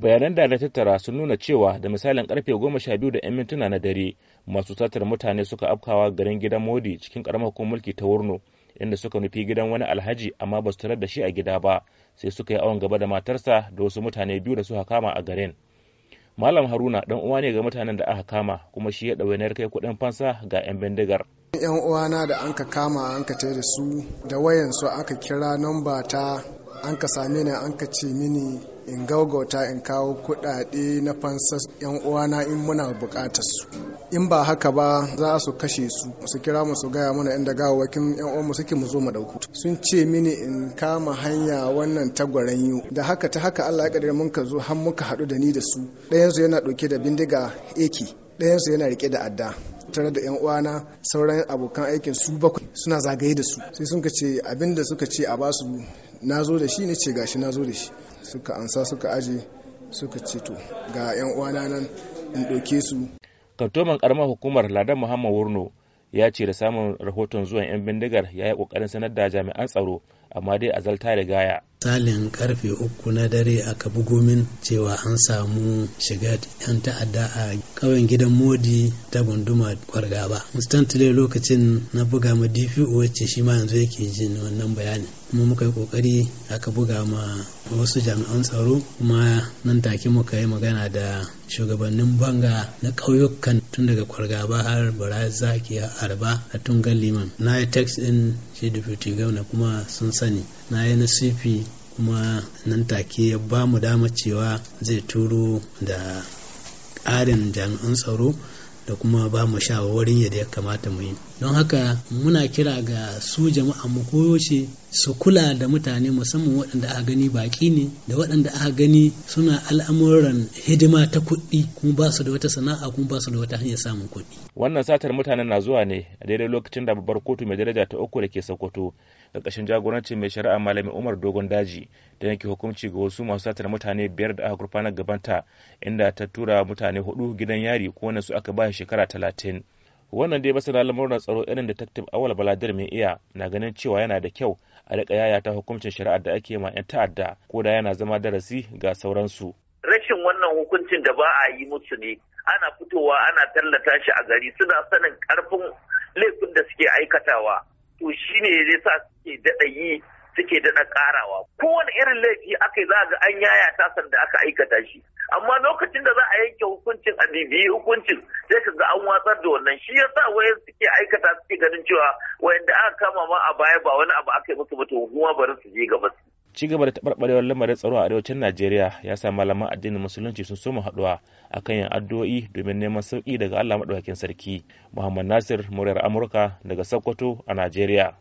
bayanan da na tattara sun nuna cewa da misalin karfe goma sha biyu da yan mintuna na dare masu satar mutane suka afkawa garin gidan modi cikin karamar mulki ta wurno inda suka nufi gidan wani alhaji amma ba su tarar da shi a gida ba sai suka yi awon gaba da matarsa da wasu mutane biyu da suka kama a garin malam haruna dan uwa ne ga mutanen da aka kama kuma shi ya na kai kuɗin fansa ga 'yan bindigar yan uwana da an anka kama anka ce da su da wayan aka kira namba ta an ka same ni an ka ce mini in gaugauta in kawo kuɗaɗe na fansa yan uwana in muna buƙatar su in ba haka ba za su kashe su su kira mu su gaya mana inda gawawakin yan uwanmu suke mu zo mu ɗauko sun ce mini in kama hanya wannan tagwaren yu da haka ta haka Allah ya kaddara mun ka zo har muka haɗu da ni da su ɗayansu yana ɗauke da bindiga eki ɗayansu yana rike da adda tare da yan uwana sauran abokan aikin su bakwai suna zagaye da su sai sun ce abin da suka ce a basu na zo da shi ne ce gashi na zo da shi suka ansa suka aje suka ce to ga yan uwana nan in ɗauke su kantoman karamar hukumar ladan muhammad wurno ya ce da samun rahoton zuwan 'yan bindigar ya yi kokarin sanar da jami'an tsaro amma dai azalta da gaya misalin karfe uku na dare aka bugo min cewa an samu shiga yan ta'adda a ƙauyen gidan modi ta gunduma kwargaba instantly lokacin na buga ma dpo wacce shi ma yanzu yake jin wannan bayanin kuma muka yi kokari aka buga ma wasu jami'an tsaro kuma nan take muka yi magana da shugabannin banga na ƙauyukan tun daga kwargaba har bara zaki a arba a tun liman na yi text din shi deputy gwamna kuma sun sani na yi nasifi kuma nan take ya ba mu dama cewa zai turo da ƙarin jami'an tsaro da kuma ba mu shawarwarin yadda ya kamata mu yi don haka muna kira ga su jama'a mu koyaushe su kula da mutane musamman waɗanda aka gani baƙi ne da waɗanda aka gani suna al'amuran hidima ta kuɗi kuma ba su da wata sana'a kuma ba su da wata hanyar samun kuɗi. Wannan satar mutane na zuwa ne a daidai lokacin da babbar kotu mai daraja ta uku da ke Sokoto ƙashin jagoranci mai shari'a malamin Umar Dogon Daji da yanke hukunci ga wasu masu satar mutane biyar da aka gurfanar gabanta inda ta tura mutane hudu gidan yari ko su aka ba shekara talatin. wannan dai masana lamuran tsaro irin detective awal baladir mai iya na ganin cewa yana da kyau a riƙa yayata hukuncin shari'ar da ake ma 'yan ta'adda ko da yana zama darasi ga sauransu rashin wannan hukuncin da ba a yi musu ne ana fitowa ana tallata shi a gari suna sanin karfin laifin da suke aikatawa to shine ne sa suke daɗa yi suke daɗa karawa kowane irin laifi aka yi za ga an yaya tasan da aka aikata shi amma lokacin da za a yanke hukuncin a bibiyi hukuncin sai ka ga an watsar da wannan shi yasa wayan suke aikata suke ganin cewa wayanda aka kama ma a baya ba wani abu aka yi musu mutum kuma bari su je gaba ci gaba da taɓarɓarewar lamarin tsaro a arewacin najeriya ya sa malaman addinin musulunci sun soma haɗuwa akan yin addu'o'i domin neman sauƙi daga allah maɗaukakin sarki muhammad nasir muryar amurka daga sokoto a najeriya